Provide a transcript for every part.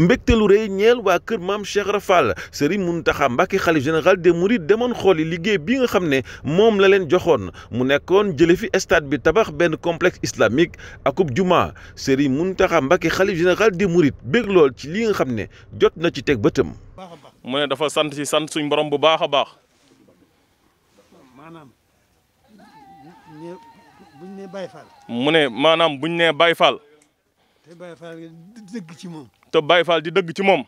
mbégte lu rëy ñeel waa kër maam Cheikh Rafal Serigne Mountakha Mbacké xalif général des Mourides demoon xooli liggéey bi nga xam ne moom la leen joxoon mu nekkoon jële fi stade bi tabax benn complexe islamique akub juma Serigne Mountakha Mbacké xalif général des Mourides bég lool ci li nga xam ne jot na ci teg bëtëm. mu ne dafa sant si sant suñ borom bu baax a baax. mu ne maanaam buñ nee Baye Fall. te Baye Fall di dëgg ci moom. te bay Fall di dëgg ci moom.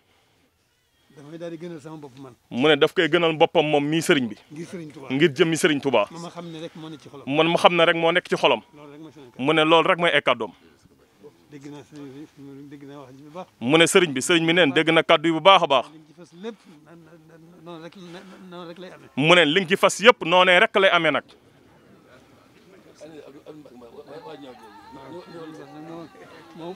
daf may daal di gënal man. mu ne daf koy gënal boppam moom mii sëriñ bi. ngir sëriñ Touba ngir jëmmi sëriñ Touba. man ma xam ne rek moo nekk ci xolam. man ma xam moo nekk ci xolam. mu ne loolu rek mooy ay kàddoom. dégg naa sëriñ bi dégg wax ji bu baax. mu ne sëriñ bi sëriñ bi neen dégg na kàddu yi bu baax a baax. mu ne li nga ci fas yëpp noonee rek lay amee nag. moom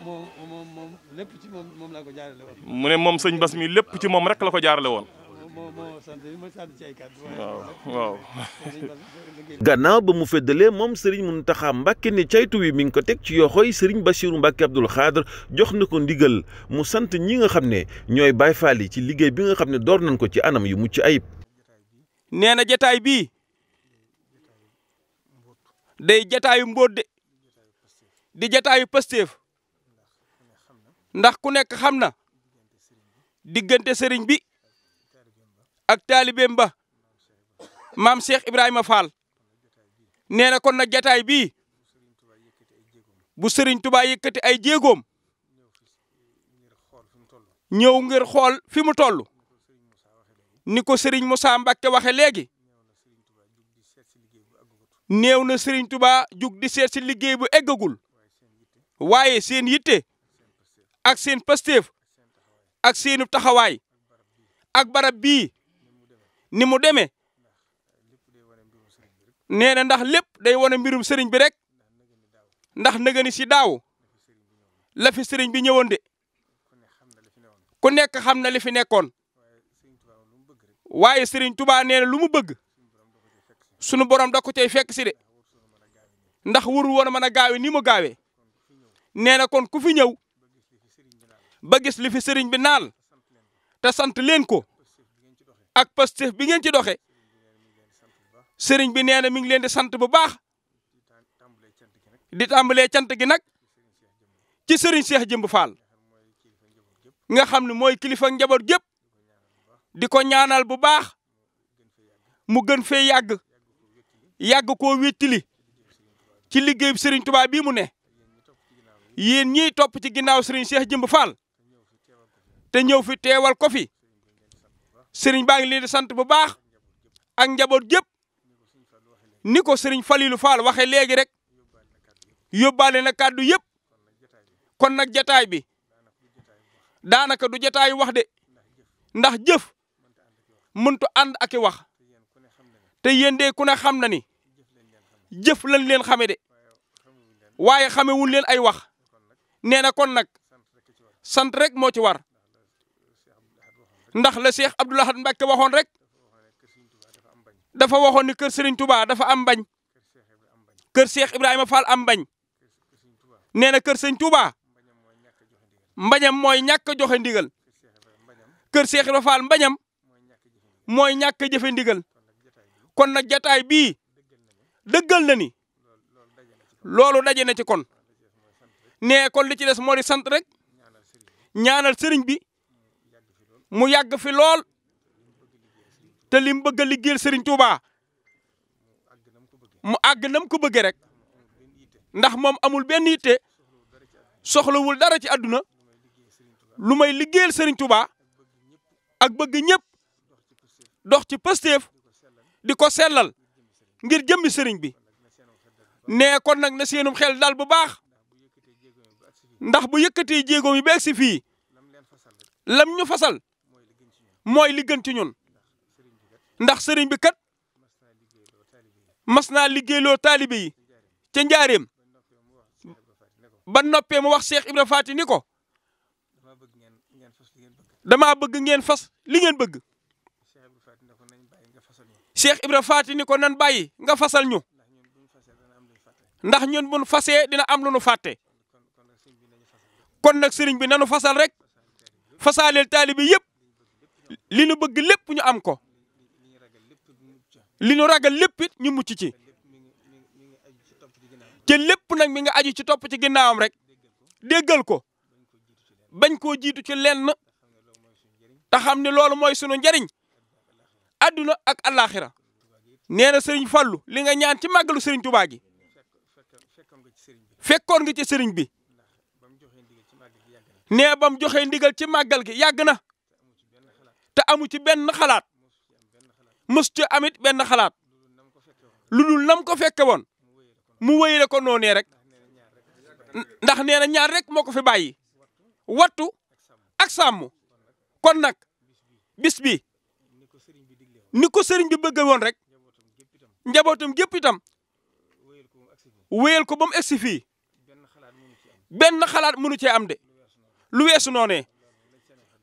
moom ko jaarale mu ne moom sëñ Bass mi lépp ci moom rek la ko jaarale woon. gannaaw ba mu feddalee moom sëriñ Serigne Mountakha Mbacke ne caytu wi mi ngi ko teg ci yoxoy sëriñ Bassirou Mbacke Abdoul Khadr jox na ko ndigal mu sant ñi nga xam ne ñooy Baay Faal yi ci liggéey bi nga xam ne door nañ ko ci anam yu mucc ayib. nee na jataay bii day jataayu mbóot de di jataayu Pastef. ndax ku nekk xam na diggante sëriñ bi ak taalibeem ba maam seex Ibrahima Fall nee na kon nag jataay bii bu sëriñ Touba yëkkati ay jéegoom ñëw ngir xool fi mu toll ni ko sëriñ Moussa Mbacke waxe léegi néew na sëriñ Touba jug di seet si liggéey bu eggagul waaye seen yitte. ak seen pastéef ak seenu taxawaay ak barab bii ni mu demee nee na ndax lépp day wane mbirum sëriñ bi rek ndax nëgëni si daaw la fi sëriñ bi ñëwoon de ku nekk xam na li fi nekkoon waaye sëriñ Tuubaa nee lu mu bëgg sunu borom da ko cay fekk si de ndax wuru woon a mën a gaawe ni mu gaawee nee na ku fi ñëw ba gis li fi sëriñ bi naal te sant leen ko ak pastef bi ngeen ci doxe sëriñ bi nee na mi ngi leen di sant bu baax di tàmbalee cant gi nag ci sëriñ Cheikh Jëmb Fall nga xam ne mooy kilifa njaboot gépp di ko ñaanal bu baax mu gën fee yàgg yàgg koo wéttili ci liggéey sëriñ Tuubaa bii mu ne yéen ñi topp ci ginnaaw sëriñ Cheikh Jëmb faal te ñëw fi teewal ko fi sëriñ baa ngi leen di sant bu baax ak njaboot yëpp ni ko sëriñ Falilou Fall waxee léegi rek yóbbaale na kàddu yëpp kon nag jataay bi daanaka du jataay wax de ndax jëf mëntu ànd ak i wax te yéen de ku ne xam na ni jëf lañ leen xame de waaye xamewuñ leen ay wax nee na kon nag sant rek moo ci war ndax la Cheikh Abdoul Ahad Mbacke waxoon rek dafa waxoon ni kër Serigne Touba dafa am bañ kër Cheikh Ibrahima Fall am bañ nee na kër Serigne Touba mbañam mooy ñàkk a joxe ndigal kër Cheikh Ibrahima Fall mbañam mooy ñàkk a jëfe ndigal kon nag jataay bii dëggal na ni loolu daje na ci kon nee kon li ci des moo di sant rek ñaanal sëriñ bi mu yàgg fi lool te lim bëgg a liggéeyal Serigne Touba mu àgg nam ko bëggee rek ndax moom amul benn yitte soxlawul dara ci àdduna lu may liggéeyal Serigne Touba ak bëgg ñëpp dox ci pësteef di ko sellal ngir jëmbi sëriñ bi nee kon nag na seenum xel dal bu baax ndax bu yëkkatee jéego yi beeg si fii lam ñu fasal mooy li ci ñun ndax sëriñ bi kat mas naa liggéeyloo taalibe yi ca njaareem ba noppee mu wax Cheikh Ibra Faati ni ko damaa bëgg ngeen fas li ngeen bëgg Cheikh Ibra Faati ni ko nan bàyyi nga fasal ñu ndax ñun buñ fasee dina am lu nu fàtte kon nag sëriñ bi nanu fasal rek fasaaleel taalibe yëpp li nu bëgg lépp ñu am ko li nu ragal lépp ñu mucc ci te lépp nag mi nga aju ci topp ci ginnaawam rek déggal ko bañ koo jiitu ci lenn te xam ne loolu mooy sunu njariñ adduna ak alaxira nee na sëriñ Fallu li nga ñaan ci màggalu sëriñ Tuubaa gi fekkoon nga ci sëriñ bi nee ba mu joxee ndigal ci màggal gi yàgg na te amu ci benn xalaat mës ci amit benn xalaat lu dul nam ko fekke woon mu wéyale ko noonee rek ndax nee na ñaar rek moo ko fi bàyyi wattu ak sàmm kon nag bis bi ni ko sëriñ bi bëgg woon rek njabootam gépp itam wéyal ko ba mu egsi fii benn xalaat mënu cee am de lu weesu noonee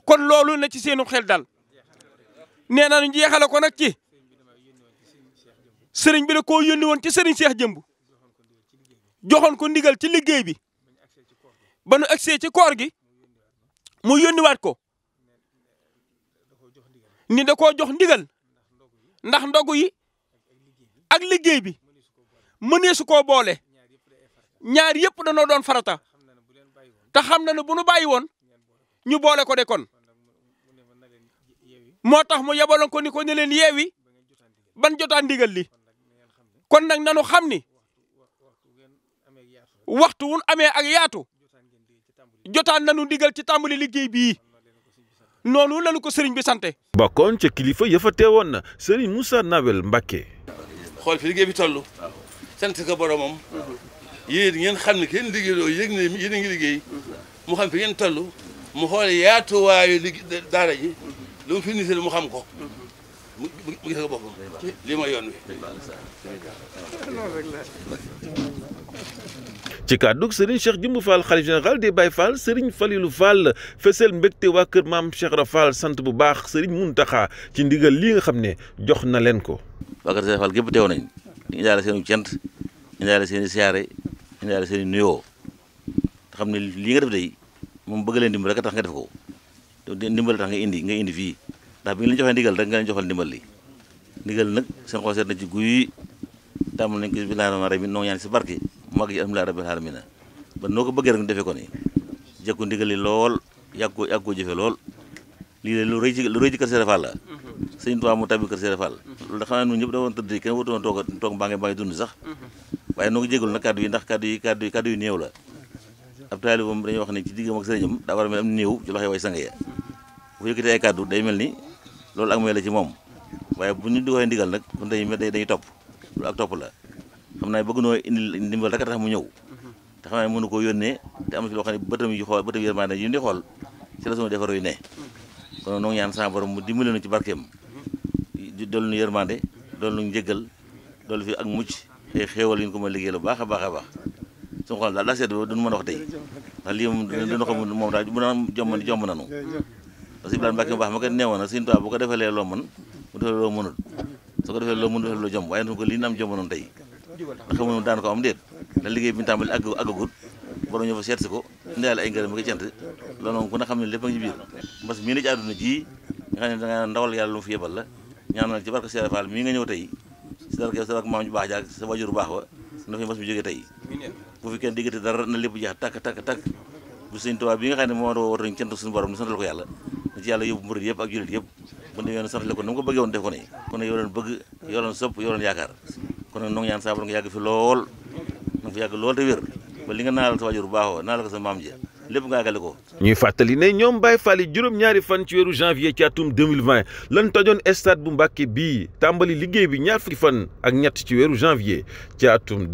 kon loolu na ci seenu xel dal nee na ñu jeexale ko nag ci sëriñ bi da koo yónni woon ci sëriñ Cheikh Jëmb joxoon ko ndigal ci liggéey bi ba nu agsee ci koor gi mu yónniwaat ko ni de koo jox ndigal ndax ndogu yi ak liggéey bi mënee su koo boole ñaar yëpp danoo doon farata ta xam na ne bu nu bàyyi woon ñu boole ko de kon moo tax mu yebaloon ko ni ko ne leen yeewi ban jotaan ndigal li kon nag nanu xam ni waxtu wun amee ak yaatu jotaan nanu ndigal ci tàmbali liggéey bii noonu lanu ko sëriñ bi sante bokkoon ca kilifa ya fa teewoon na sëriñ Moussa Nawel Mbacké xool fi liggéey bi toll sant ko boromam yéen ngeen xam ne kenn liggéeyloo yëg ne yéen a ngi liggéey mu xam fi ngeen toll mu xool yaatuwaayu li daara ji lu mu fi nisel mu xam ko mu gis ko boppam lii mooy yoon wi ci kàddug Serigne Cheikh Jumbu Fall xalif général des Baye waa kër maam Cheikh Ibra Fall sant bu baax sëriñ Serigne taxa ci ndigal li nga xam ne jox na leen ko. waa kër Cheikh Fall gépp teew nañ indaale seen cant indaale seen siyaare indaale seen nuyoo te xam ne lii nga def day moom bëgg leen dimbali rek a tax nga def ko. ndimbal tax nga indi nga indi fi ndax bi nga leen joxee ndigal rek nga leen joxal ndimbal li ndigal nak sen xol na ci guuy tam nañ ko bismillahi rahmani rahim no ñaan ci barki mag yi alhamdulilah rabbil alamin ba noko ko bëggee rek defé ko ni jëkku ndigal li lool yaggo yaggo yàgg ko jëfe lool lii la lu reej lu reej ci kër Sëriñ Fall la mhm. sëñ Tuubaa mu tabbi kër Sëriñ rafal mhm. lu da xam naa nun ñëpp da woon tëdd kenn warutoon toog tok mbaa ngi mbaa ngi dund sax mhm. waye noko ko jégalu kaddu yi ndax kaddu yi kaddu yi kaddu yi neew la ab talibum dañuy wax ni ci digam ak sëriñam da war a mel am neew ci loxoy way sang ya bu yëkkati ay cadeau day melni ni loolu ak may la ci mom waye bu ñu di koy ndigal nag kon day mel day top lu ak top la xamna bëgg no indi ndimbal rek tax mu ñëw tax xam mënu ko yónnee té am ci lo xam ne bëtam yu xol bëtam yërmaane yu ni xol ci la sunu defar yu né kon noo ñaan sa borom mu dimbalé nu ci di dol ñu yërmaande doolu ñu jéggal doolu fi ak mucc té xéewal yu ñu ko ma liggéey lu baaxa baax su xol suñu la sét do seet ba wax tey ndax lii moom ko moom daal bu na jom jom nañu parce que Ibrahima Mbacke mu baax ma ko neewoon nag Sëriñ Tuubaa bu ko defalee loo mën mu defalee loo mënul su ko defee loo mën defee loo jom waaye nag li ñu am jomb noonu ko am déet ndax ko ndaale loolu a na ci mu fi nga ñëw tey si sa ak maam ju sa wajur baax wa na fi mbas mi jógee tey kenn diggante dara na lépp jeex takk takk bu Sëriñ Tuubaa bi nga xam ne moo war a woote cant suñu borom ni santal ko yàlla ci yàlla yóbbu murid yëpp ak jullit yëpp bu ñu yoon sarale ko ni mu ko bëggee woon def ko nii kon nag yoo bëgg yoo leen sopp yaakaar kon nag noo ñaan saa nga yàgg fi lool na fi yàgg lool te wér ba li nga naanal sa waajur baaxoo naanal ko sa maam ji lépp nga àggale ko. ñuy fàttali ne ñoom Baye Fall yi juróom-ñaari fan ci weeru janvier ci atum lan tojoon stade bu Mbàkke bii tàmbali liggéey bi ñaar fukki fan ak ñett ci weeru janvier ci atum